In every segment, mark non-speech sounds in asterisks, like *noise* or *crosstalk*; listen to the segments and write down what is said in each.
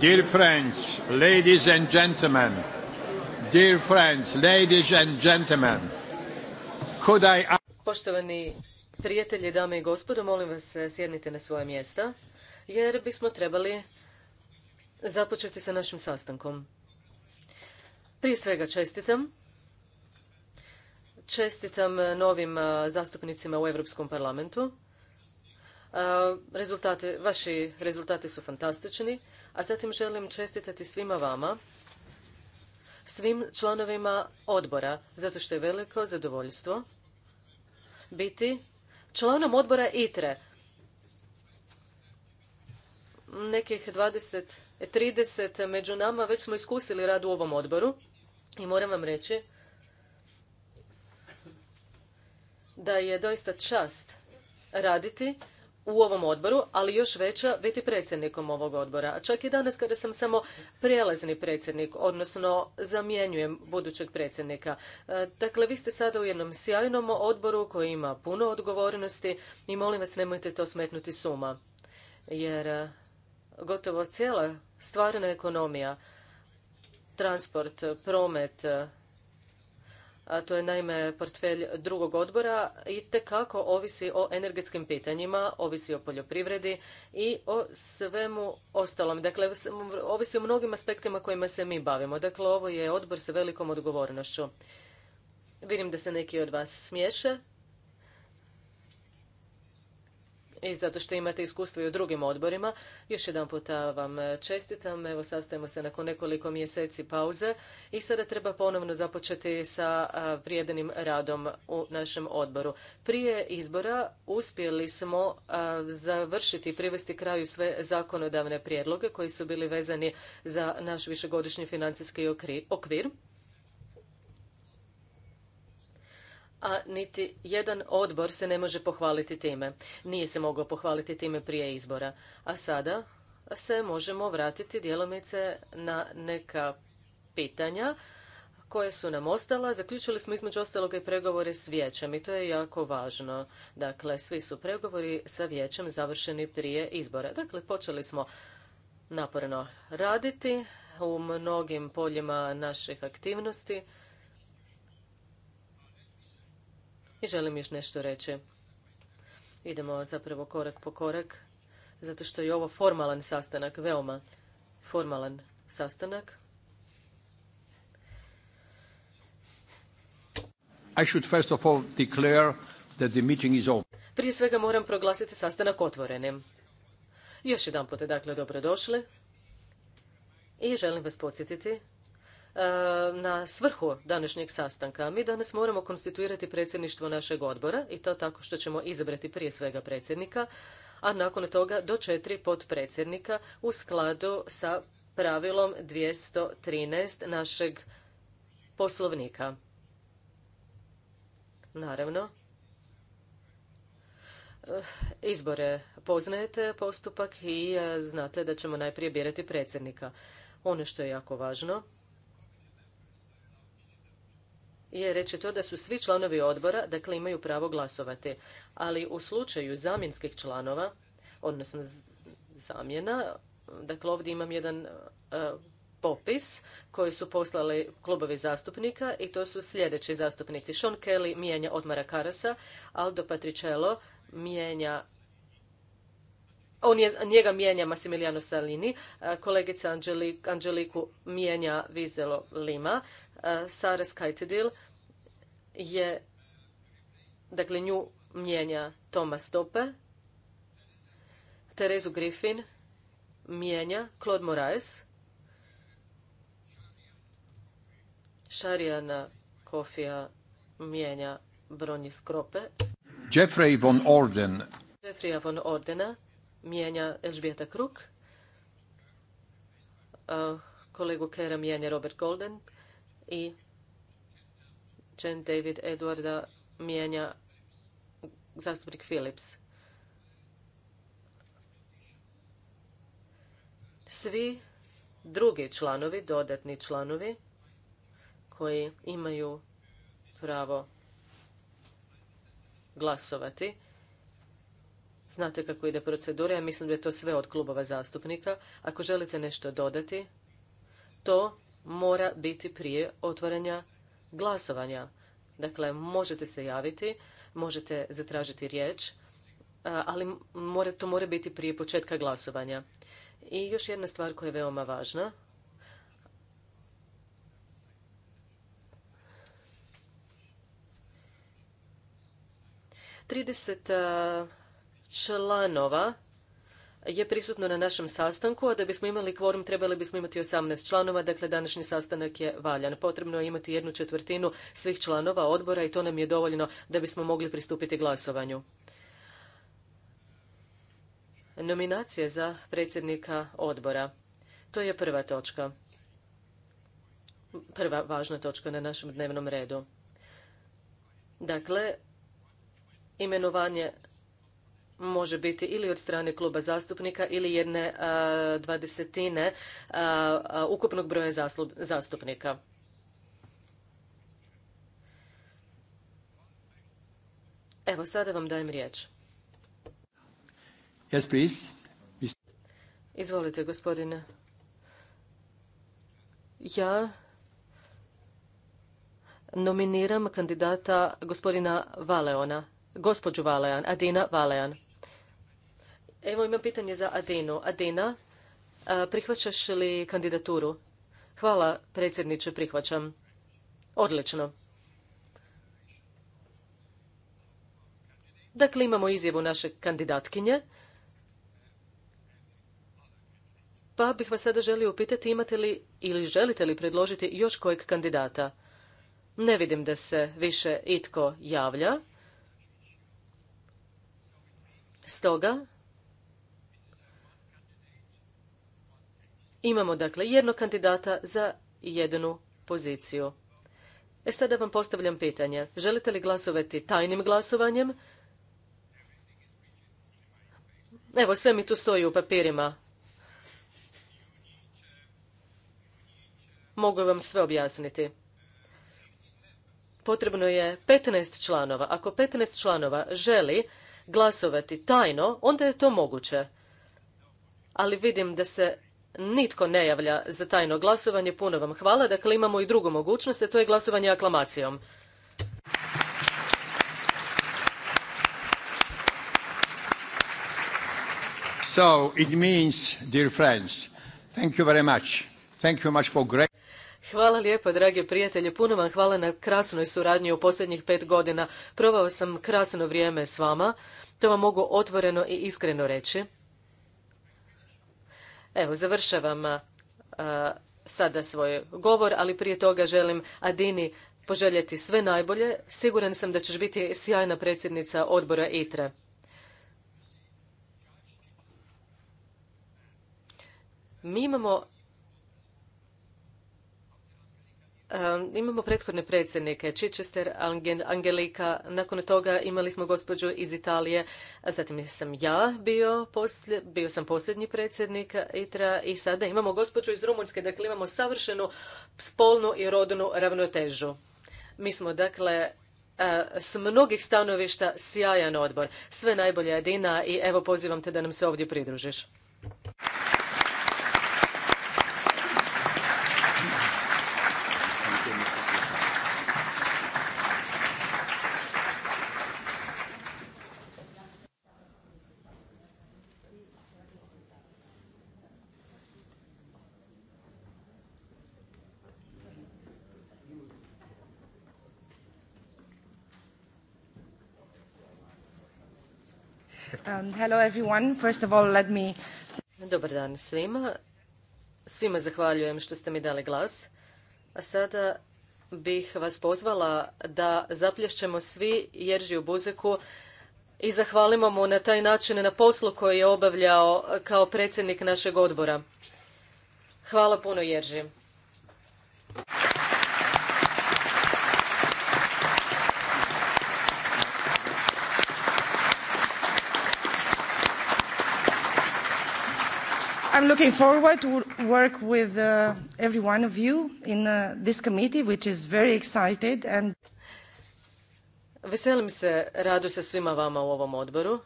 Dear friends, ladies and gentlemen, dear friends, ladies and gentlemen, could I... Poštovani prijatelji, dame i gospodo, molim vas eh, sjednite na svoje mjesta, jer bismo trebali započeti sa našim sastankom. Prije svega čestitam. Čestitam novim eh, zastupnicima u Europskom parlamentu vaši rezultati su fantastični, a zatim želim čestitati svima vama, svim članovima odbora, zato što je veliko zadovoljstvo biti članom odbora ITRE. Nekih 20, 30 među nama već smo iskusili rad u ovom odboru i moram vam reći da je doista čast raditi u ovom odboru, ali još veća biti predsjednikom ovog odbora. A čak i danas kada sam samo prijelazni predsjednik, odnosno zamjenjujem budućeg predsjednika. E, dakle, vi ste sada u jednom sjajnom odboru koji ima puno odgovornosti i molim vas nemojte to smetnuti suma. Jer e, gotovo cijela stvarna ekonomija, transport, promet, a to je naime portfelj drugog odbora, i tekako ovisi o energetskim pitanjima, ovisi o poljoprivredi i o svemu ostalom. Dakle, ovisi o mnogim aspektima kojima se mi bavimo. Dakle, ovo je odbor sa velikom odgovornošću. Vidim da se neki od vas smiješe, i zato što imate iskustvo i u drugim odborima. Još jedan puta vam čestitam. Evo, sastajemo se nakon nekoliko mjeseci pauze i sada treba ponovno započeti sa vrijedenim radom u našem odboru. Prije izbora uspjeli smo završiti i privesti kraju sve zakonodavne prijedloge koji su bili vezani za naš višegodišnji financijski okvir a niti jedan odbor se ne može pohvaliti time. Nije se mogao pohvaliti time prije izbora. A sada se možemo vratiti djelomice na neka pitanja koja su nam ostala. Zaključili smo između ostaloga i pregovore s vijećem i to je jako važno. Dakle, svi su pregovori sa vijećem završeni prije izbora. Dakle, počeli smo naporno raditi u mnogim poljima naših aktivnosti. I želim još nešto reći. Idemo zapravo korak po korak, zato što je ovo formalan sastanak, veoma formalan sastanak. I should first of all declare that the meeting is Prije svega moram proglasiti sastanak otvorenim. Još jedan put, dakle, dobrodošli. I želim vas podsjetiti E, na svrhu današnjeg sastanka. Mi danas moramo konstituirati predsjedništvo našeg odbora i to tako što ćemo izabrati prije svega predsjednika, a nakon toga do četiri potpredsjednika u skladu sa pravilom 213 našeg poslovnika. Naravno, eh, izbore poznajete postupak i eh, znate da ćemo najprije birati predsjednika. Ono što je jako važno je reći to da su svi članovi odbora, dakle imaju pravo glasovati. Ali u slučaju zamjenskih članova, odnosno zamjena, dakle ovdje imam jedan e, popis koji su poslali klubovi zastupnika i to su sljedeći zastupnici. Sean Kelly mijenja Otmara Karasa, Aldo Patricello mijenja on njega mijenja Massimiliano Salini, e, kolegica Angeliku mijenja Vizelo Lima, e, Sara Skytedil je, dakle nju mijenja Thomas Tope, Terezu Griffin mijenja Claude Moraes, Šarijana Kofija mijenja Bronis Krope, Jeffrey von Orden Jeffrey von Ordena mijenja Elžbieta Kruk, eh, kolegu Kera mijenja Robert Golden i Čen David Edwarda mijenja zastupnik Philips. Svi drugi članovi, dodatni članovi, koji imaju pravo glasovati. Znate kako ide procedura, ja mislim da je to sve od klubova zastupnika. Ako želite nešto dodati, to mora biti prije otvaranja glasovanja. Dakle, možete se javiti, možete zatražiti riječ, ali to mora biti prije početka glasovanja. I još jedna stvar koja je veoma važna. Trideset članova je prisutno na našem sastanku, a da bismo imali kvorum trebali bismo imati 18 članova, dakle današnji sastanak je valjan. Potrebno je imati jednu četvrtinu svih članova odbora i to nam je dovoljno da bismo mogli pristupiti glasovanju. Nominacije za predsjednika odbora. To je prva točka. Prva važna točka na našem dnevnom redu. Dakle, imenovanje može biti ili od strane kluba zastupnika ili jedne dvadesetine ukupnog broja zastupnika. Evo, sada vam dajem riječ. Yes, Izvolite, gospodine. Ja nominiram kandidata gospodina Valeona, gospođu Valean, Adina Valean. Evo imam pitanje za Adinu. Adina, prihvaćaš li kandidaturu? Hvala, predsjedniče, prihvaćam. Odlično. Dakle, imamo izjavu naše kandidatkinje. Pa bih vas sada želio upitati imate li ili želite li predložiti još kojeg kandidata? Ne vidim da se više itko javlja. Stoga, Imamo dakle jedno kandidata za jednu poziciju. E sada vam postavljam pitanje. Želite li glasovati tajnim glasovanjem? Evo, sve mi tu stoji u papirima. Mogu vam sve objasniti. Potrebno je 15 članova. Ako 15 članova želi glasovati tajno, onda je to moguće. Ali vidim da se nitko ne javlja za tajno glasovanje. Puno vam hvala. Dakle, imamo i drugu mogućnost, a to je glasovanje aklamacijom. Hvala lijepo, dragi prijatelji. Puno vam hvala na krasnoj suradnji u posljednjih pet godina. Provao sam krasno vrijeme s vama. To vam mogu otvoreno i iskreno reći. Evo, završavam sada svoj govor, ali prije toga želim Adini poželjeti sve najbolje. Siguran sam da ćeš biti sjajna predsjednica odbora ITRE. Mi imamo Imamo prethodne predsjednike, Chichester, Angelika, nakon toga imali smo gospođu iz Italije, a zatim sam ja bio, bio sam posljednji predsjednik ITRA i sada imamo gospođu iz Rumunjske, dakle imamo savršenu spolnu i rodnu ravnotežu. Mi smo dakle e, s mnogih stanovišta sjajan odbor. Sve najbolje jedina i evo pozivam te da nam se ovdje pridružiš. Um, Dobar dan svima. Svima zahvaljujem što ste mi dali glas. A sada bih vas pozvala da zaplješćemo svi Jeržiju Buzeku i zahvalimo mu na taj način na poslu koji je obavljao kao predsjednik našeg odbora. Hvala puno Jerži. I'm looking forward to work with uh, every one of you in uh, this committee, which is very excited and... Veselim se radu sa svima vama u ovom odboru.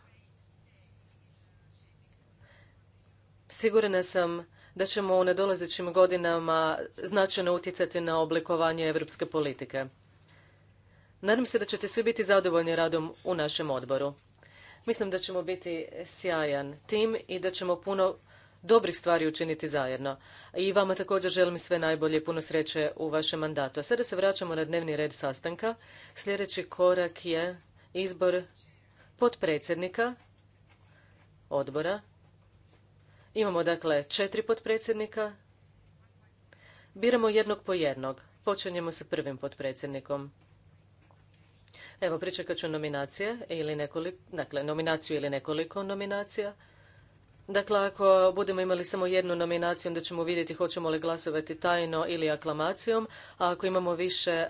Sigurna sam da ćemo u nedolazećim godinama značajno utjecati na oblikovanje europske politike. Nadam se da ćete svi biti zadovoljni radom u našem odboru. Mislim da ćemo biti sjajan tim i da ćemo puno dobrih stvari učiniti zajedno. I vama također želim sve najbolje i puno sreće u vašem mandatu. A sada se vraćamo na dnevni red sastanka. Sljedeći korak je izbor potpredsjednika odbora. Imamo dakle četiri potpredsjednika. Biramo jednog po jednog. Počinjemo sa prvim potpredsjednikom. Evo, pričekat ću nominacije ili nekoliko, dakle, nominaciju ili nekoliko nominacija. Dakle, ako budemo imali samo jednu nominaciju, onda ćemo vidjeti hoćemo li glasovati tajno ili aklamacijom, a ako imamo više, e,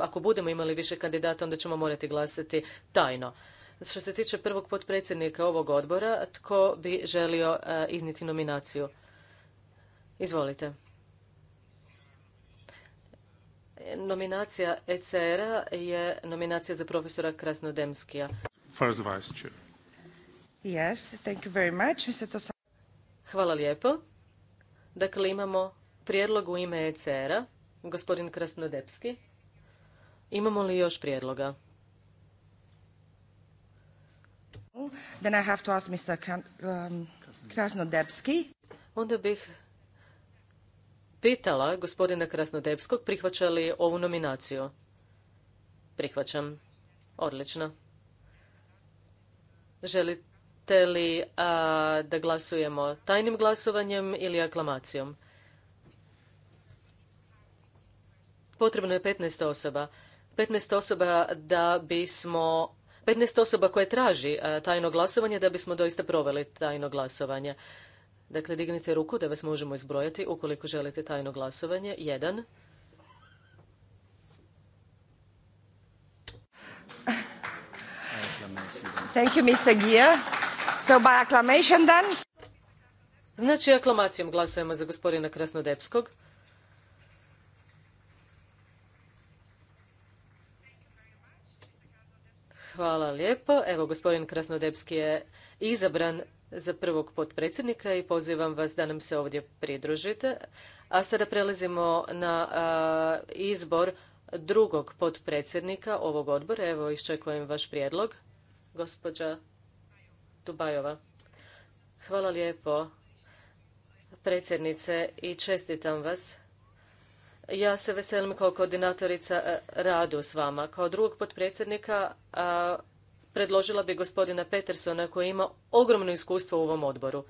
ako budemo imali više kandidata, onda ćemo morati glasati tajno. Što se tiče prvog potpredsjednika ovog odbora, tko bi želio e, izniti nominaciju? Izvolite. Nominacija ECR-a je nominacija za profesora Krasnodemskija. First vice chair. Yes, very much. Hvala lijepo. Dakle, imamo prijedlog u ime ECR-a, gospodin Krasnodepski. Imamo li još prijedloga? Then I um, Onda bih pitala gospodina Krasnodepskog prihvaća li ovu nominaciju. Prihvaćam. Odlično. Želite Želite li da glasujemo tajnim glasovanjem ili aklamacijom? Potrebno je 15 osoba. 15 osoba da bismo 15 osoba koje traži tajno glasovanje da bismo doista proveli tajno glasovanje. Dakle, dignite ruku da vas možemo izbrojati ukoliko želite tajno glasovanje. Jedan. Thank you, Mr. So by acclamation Znači aklamacijom glasujemo za gospodina Krasnodepskog. Hvala lijepo. Evo, gospodin Krasnodepski je izabran za prvog potpredsjednika i pozivam vas da nam se ovdje pridružite. A sada prelazimo na izbor drugog potpredsjednika ovog odbora. Evo, iščekujem vaš prijedlog. Gospođa Dubajova. Hvala lijepo, predsjednice, i čestitam vas. Ja se veselim kao koordinatorica e, radu s vama. Kao drugog potpredsjednika predložila bi gospodina Petersona koji ima ogromno iskustvo u ovom odboru.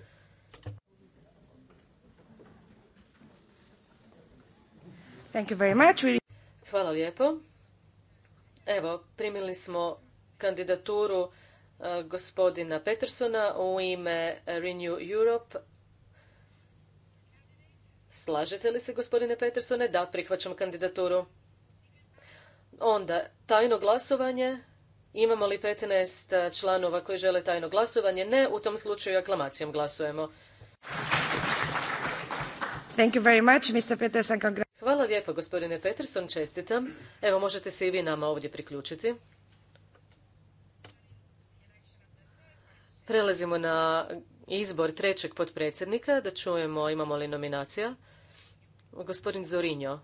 Hvala lijepo. Evo, primili smo kandidaturu gospodina Petersona u ime Renew Europe. Slažete li se, gospodine Petersone? Da, prihvaćam kandidaturu. Onda, tajno glasovanje. Imamo li 15 članova koji žele tajno glasovanje? Ne, u tom slučaju aklamacijom glasujemo. Hvala lijepo, gospodine Peterson, čestitam. Evo, možete se i vi nama ovdje priključiti. Prelazimo na izbor trećeg potpredsjednika, da čujemo imamo li nominacija. Gospodin Zorinjo.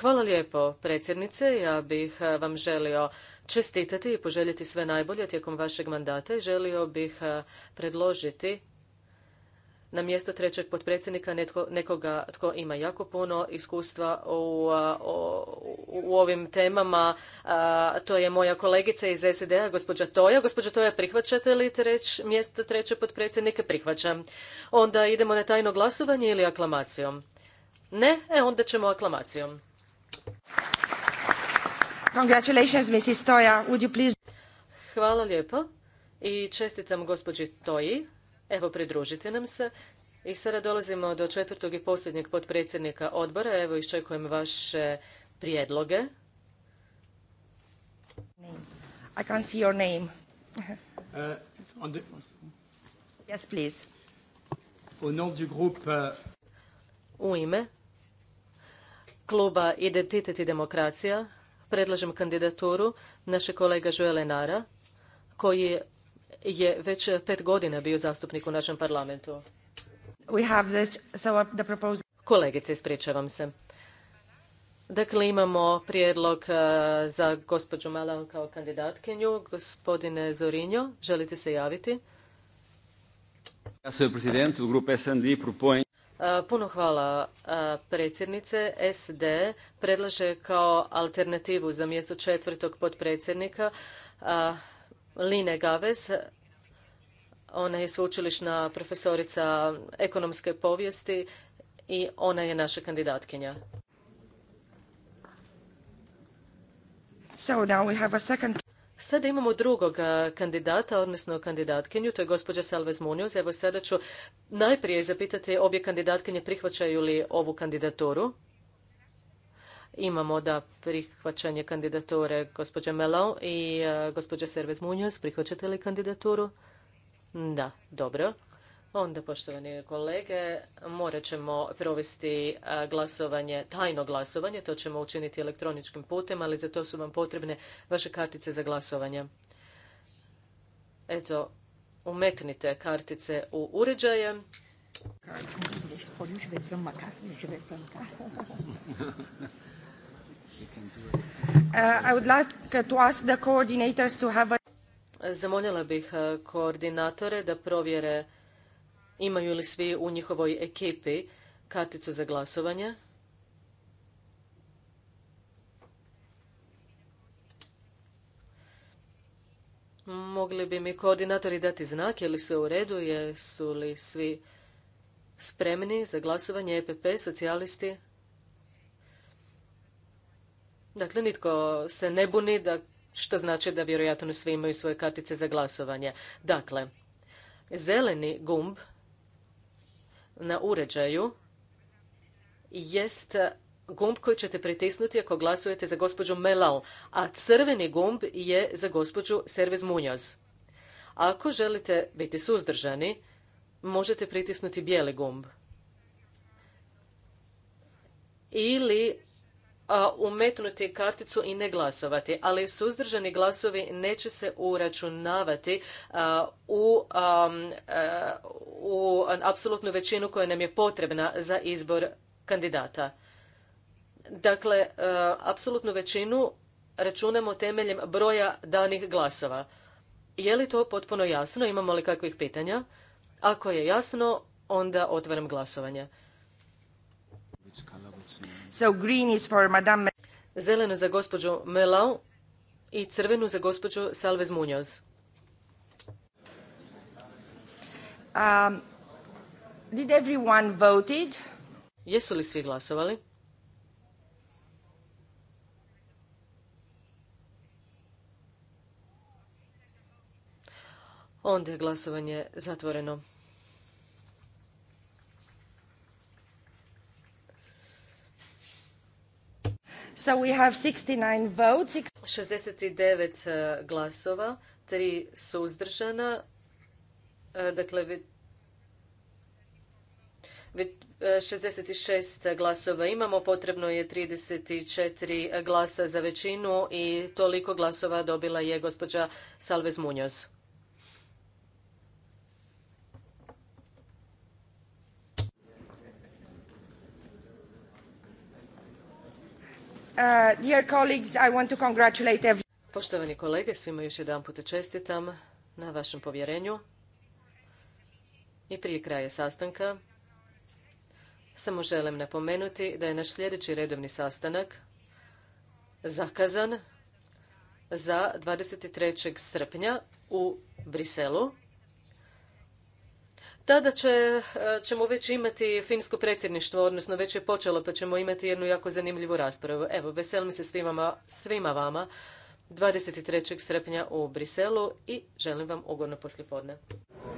Hvala lijepo, predsjednice. Ja bih eh, vam želio čestitati i poželjeti sve najbolje tijekom vašeg mandata i želio bih eh, predložiti na mjesto trećeg potpredsjednika nekoga tko ima jako puno iskustva u, ovim temama. to je moja kolegica iz SED-a, gospođa Toja. Gospođa Toja, prihvaćate li treć, mjesto trećeg potpredsjednika? Prihvaćam. Onda idemo na tajno glasovanje ili aklamacijom? Ne? E, onda ćemo aklamacijom. Mrs. Hvala lijepo i čestitam gospođi Toji Evo, pridružite nam se. I sada dolazimo do četvrtog i posljednjeg potpredsjednika odbora. Evo, iščekujem vaše prijedloge. I can't see your name. Uh, yes, please. Au nom du groupe... Uh, U ime kluba Identitet i demokracija predlažem kandidaturu naše kolega Joelle koji je je već pet godina bio zastupnik u našem parlamentu. Uh, Kolegice, ispričavam se. Dakle, imamo prijedlog uh, za gospođu Malan kao kandidatkinju. Gospodine Zorinjo, želite se javiti? Uh, puno hvala predsjednice. SD predlaže kao alternativu za mjesto četvrtog potpredsjednika Line Gaves, ona je sveučilišna profesorica ekonomske povijesti i ona je naša kandidatkinja. So now we have a second... Sada imamo drugog kandidata, odnosno kandidatkinju, to je gospođa Salvez Munoz. Evo sada ću najprije zapitati obje kandidatkinje prihvaćaju li ovu kandidaturu. Imamo da prihvaćanje kandidature gospođe Melo i e, gospođe Servez Munoz. Prihvaćate li kandidaturu? Da, dobro. Onda, poštovani kolege, morat ćemo provesti e, glasovanje, tajno glasovanje. To ćemo učiniti elektroničkim putem, ali za to su vam potrebne vaše kartice za glasovanje. Eto, umetnite kartice u uređaje. *laughs* Uh, I would like uh, bih uh, koordinatore da provjere imaju li svi u njihovoj ekipi karticu za glasovanje. Mogli bi mi koordinatori dati znak je li sve u redu, jesu li svi spremni za glasovanje EPP, socijalisti? Dakle, nitko se ne buni, da, što znači da vjerojatno svi imaju svoje kartice za glasovanje. Dakle, zeleni gumb na uređaju jest gumb koji ćete pritisnuti ako glasujete za gospođu Melal, a crveni gumb je za gospođu Servez Munoz. Ako želite biti suzdržani, možete pritisnuti bijeli gumb. Ili umetnuti karticu i ne glasovati, ali suzdržani glasovi neće se uračunavati u, apsolutnu većinu koja nam je potrebna za izbor kandidata. Dakle, apsolutnu većinu računamo temeljem broja danih glasova. Je li to potpuno jasno? Imamo li kakvih pitanja? Ako je jasno, onda otvaram glasovanje green Zelenu za gospođu Melau i crvenu za gospođu Salvez Munoz. Um, did everyone Jesu li svi glasovali? Onda je glasovanje zatvoreno. So we have 69 votes. 69 eh, glasova, 3 suzdržana. Eh, dakle, 66 eh, glasova imamo, potrebno je 34 glasa za većinu i toliko glasova dobila je gospođa Salvez Munjas. Uh, I to Poštovani kolege, svima još jedan čestitam na vašem povjerenju. I prije kraja sastanka samo želim napomenuti da je naš sljedeći redovni sastanak zakazan za 23. srpnja u Briselu tada će, e, ćemo već imati finsko predsjedništvo, odnosno već je počelo, pa ćemo imati jednu jako zanimljivu raspravu. Evo, veselim se svima, svima vama 23. srpnja u Briselu i želim vam ugodno poslijepodne.